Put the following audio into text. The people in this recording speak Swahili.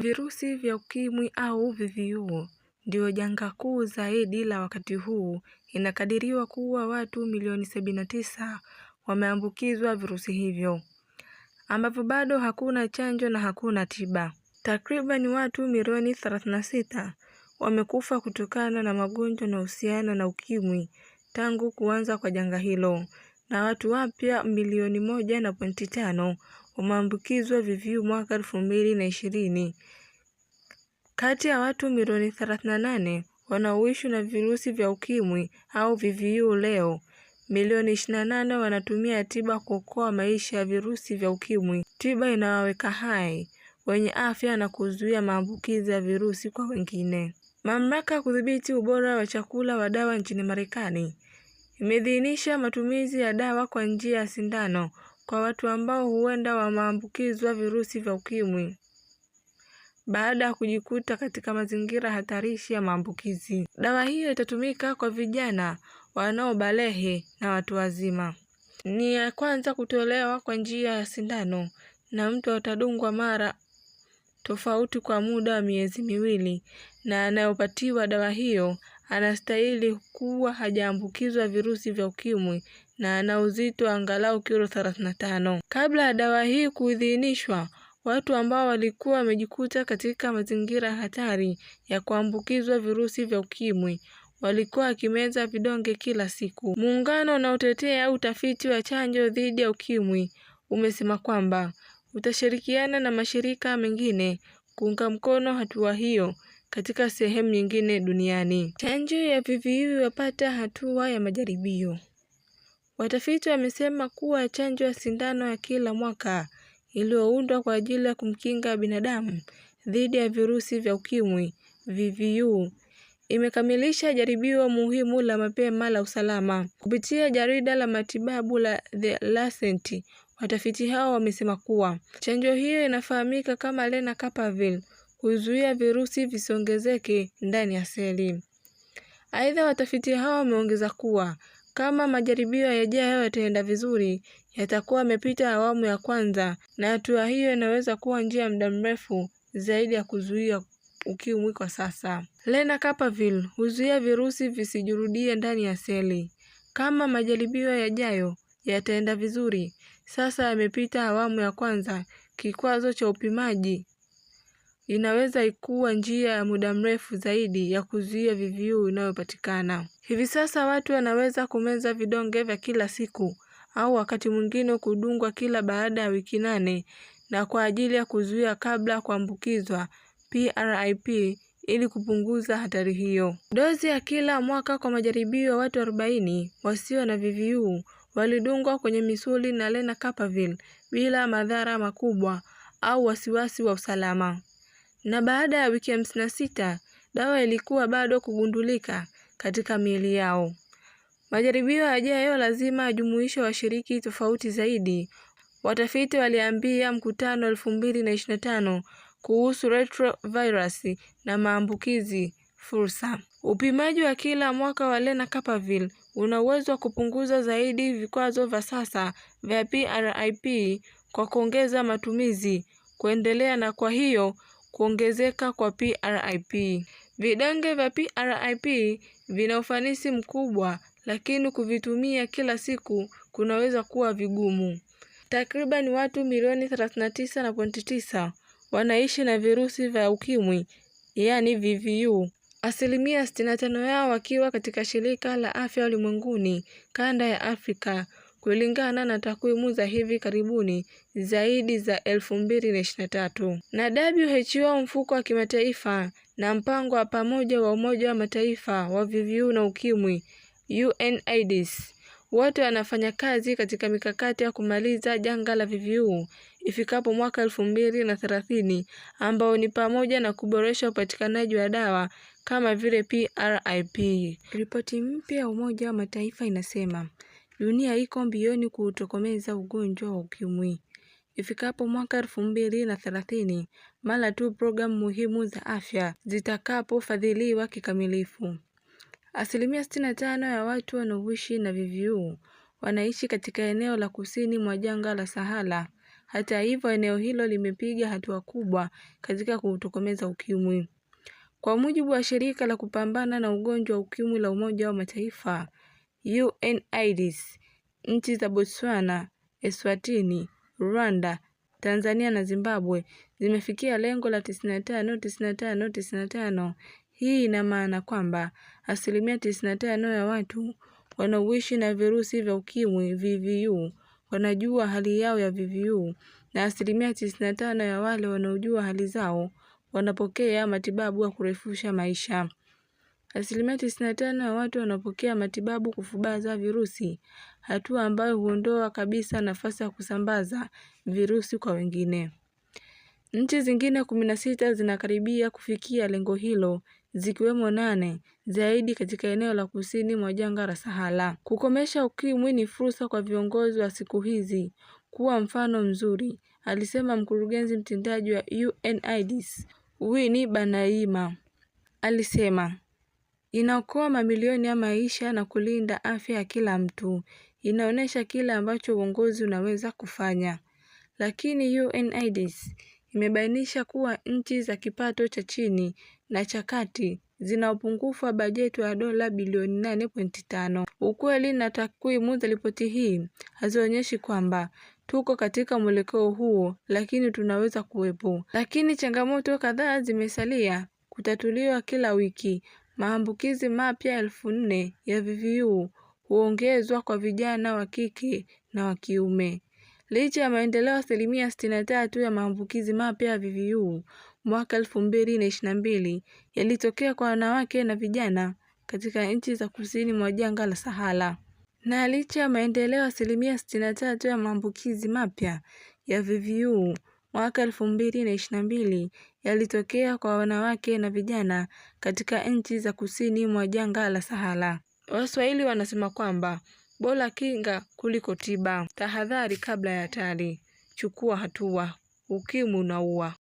Virusi vya Ukimwi au VVU ndio janga kuu zaidi la wakati huu. Inakadiriwa kuwa watu milioni 79 wameambukizwa virusi hivyo, ambapo bado hakuna chanjo na hakuna tiba. Takriban watu milioni 36 wamekufa kutokana na magonjwa yanayohusiana na Ukimwi tangu kuanza kwa janga hilo na watu wapya milioni moja na pointi tano umeambukizwa VVU mwaka elfu mbili na ishirini. Kati ya watu milioni 38 wanaoishi na virusi vya ukimwi au VVU leo milioni 28 wanatumia tiba kuokoa maisha ya virusi vya ukimwi. Tiba inawaweka hai wenye afya na kuzuia maambukizi ya virusi kwa wengine. Mamlaka ya kudhibiti ubora wa chakula wa dawa nchini Marekani imeidhinisha matumizi ya dawa kwa njia ya sindano kwa watu ambao huenda wameambukizwa virusi vya ukimwi baada ya kujikuta katika mazingira hatarishi ya maambukizi. Dawa hiyo itatumika kwa vijana wanaobalehe na watu wazima. Ni ya kwanza kutolewa kwa njia ya sindano na mtu atadungwa mara tofauti kwa muda wa miezi miwili, na anayopatiwa dawa hiyo anastahili kuwa hajaambukizwa virusi vya ukimwi na ana uzito angalau kilo 35. Kabla ya dawa hii kuidhinishwa, watu ambao walikuwa wamejikuta katika mazingira hatari ya kuambukizwa virusi vya ukimwi walikuwa wakimeza vidonge kila siku. Muungano unaotetea utafiti wa chanjo dhidi ya ukimwi umesema kwamba utashirikiana na mashirika mengine kuunga mkono hatua hiyo katika sehemu nyingine duniani. Chanjo ya VVU yapata hatua ya majaribio. Watafiti wamesema kuwa chanjo ya sindano ya kila mwaka iliyoundwa kwa ajili ya kumkinga binadamu dhidi ya virusi vya ukimwi VVU imekamilisha jaribio muhimu la mapema la usalama. Kupitia jarida la matibabu la The Lancet, watafiti hao wamesema kuwa chanjo hiyo inafahamika kama lenacapavir huzuia virusi visiongezeke ndani ya seli. Aidha, watafiti hao wameongeza kuwa kama majaribio ya yataenda vizuri, yatakuwa yamepita awamu ya kwanza na hatua hiyo inaweza kuwa njia ya muda mrefu zaidi ya kuzuia ukimwi kwa sasa. Lenacapavir huzuia virusi visijirudie ndani ya seli. Kama majaribio yajayo yataenda vizuri, sasa yamepita awamu ya kwanza, kikwazo cha upimaji inaweza ikuwa njia ya muda mrefu zaidi ya kuzuia VVU inayopatikana. Hivi sasa watu wanaweza kumeza vidonge vya kila siku au wakati mwingine kudungwa kila baada ya wiki nane na kwa ajili ya kuzuia kabla ya kuambukizwa PRIP ili kupunguza hatari hiyo. Dozi ya kila mwaka kwa majaribio ya watu 40 wasio na VVU walidungwa kwenye misuli na Lenacapavir bila madhara makubwa au wasiwasi wa usalama na baada ya wiki hamsini na sita dawa ilikuwa bado kugundulika katika miili yao. Majaribio yajayo lazima ajumuishe washiriki tofauti zaidi, watafiti waliambia mkutano elfu mbili na ishirini na tano kuhusu retrovirus na maambukizi fursa. Upimaji wa kila mwaka wa lenacapavir una uwezo wa kupunguza zaidi vikwazo vya sasa vya PrIP kwa kuongeza matumizi kuendelea na kwa hiyo kuongezeka kwa PRIP. Vidonge vya PRIP vina ufanisi mkubwa, lakini kuvitumia kila siku kunaweza kuwa vigumu. Takriban watu milioni 39.9 wanaishi na virusi vya ukimwi, yaani VVU, asilimia 65 yao wakiwa katika Shirika la Afya Ulimwenguni kanda ya Afrika, kulingana na takwimu za hivi karibuni zaidi za 2023 na WHO, mfuko wa kimataifa na mpango wa pamoja wa Umoja wa Mataifa wa VVU na Ukimwi UNAIDS e wote wanafanya kazi katika mikakati ya kumaliza janga la VVU ifikapo mwaka elfu mbili na thelathini ambao ni pamoja na kuboresha upatikanaji wa dawa kama vile PrIP. Ripoti mpya ya Umoja wa Mataifa inasema Dunia iko mbioni kuutokomeza ugonjwa wa ukimwi ifikapo mwaka elfu mbili na thelathini mara tu programu muhimu za afya zitakapofadhiliwa kikamilifu. Asilimia 65 ya watu wanaoishi na VVU wanaishi katika eneo la kusini mwa jangwa la Sahara. Hata hivyo, eneo hilo limepiga hatua kubwa katika kuutokomeza ukimwi. Kwa mujibu wa shirika la kupambana na ugonjwa wa ukimwi la Umoja wa Mataifa, UNAIDS nchi za Botswana, Eswatini, Rwanda, Tanzania na Zimbabwe zimefikia lengo la 95-95-95. Hii ina maana kwamba asilimia 95 ya watu wanaoishi na virusi vya ukimwi VVU wanajua hali yao ya VVU na asilimia 95 ya wale wanaojua hali zao wanapokea matibabu ya kurefusha maisha. Asilimia 95 tano ya watu wanapokea matibabu kufubaza virusi, hatua ambayo huondoa kabisa nafasi ya kusambaza virusi kwa wengine. Nchi zingine 16 sita zinakaribia kufikia lengo hilo zikiwemo nane zaidi katika eneo la kusini mwa jangwa la Sahara. Kukomesha ukimwi ni fursa kwa viongozi wa siku hizi kuwa mfano mzuri, alisema mkurugenzi mtendaji wa UNAIDS Winnie Banaima. Alisema inaokoa mamilioni ya maisha na kulinda afya ya kila mtu. Inaonyesha kile ambacho uongozi unaweza kufanya. Lakini UNAIDS imebainisha kuwa nchi za kipato cha chini na cha kati zina upungufu wa bajeti wa dola bilioni 8.5. Ukweli na takwimu za ripoti hii hazionyeshi kwamba tuko katika mwelekeo huo, lakini tunaweza kuwepo. Lakini changamoto kadhaa zimesalia kutatuliwa kila wiki, Maambukizi mapya elfu nne ya VVU huongezwa kwa vijana wa kike na wa kiume. Licha ya maendeleo asilimia tatu ya maambukizi mapya ya VVU mwaka elfu mbili na mbili yalitokea kwa wanawake na vijana katika nchi za kusini mwa jangwa la Sahara. Na licha ya maendeleo asilimia tatu ya maambukizi mapya ya VVU mwaka elfu mbili na ishirini na mbili yalitokea kwa wanawake na vijana katika nchi za kusini mwa jangwa la Sahara. Waswahili wanasema kwamba bora kinga kuliko tiba. Tahadhari kabla ya hatari, chukua hatua. Ukimwi unaua.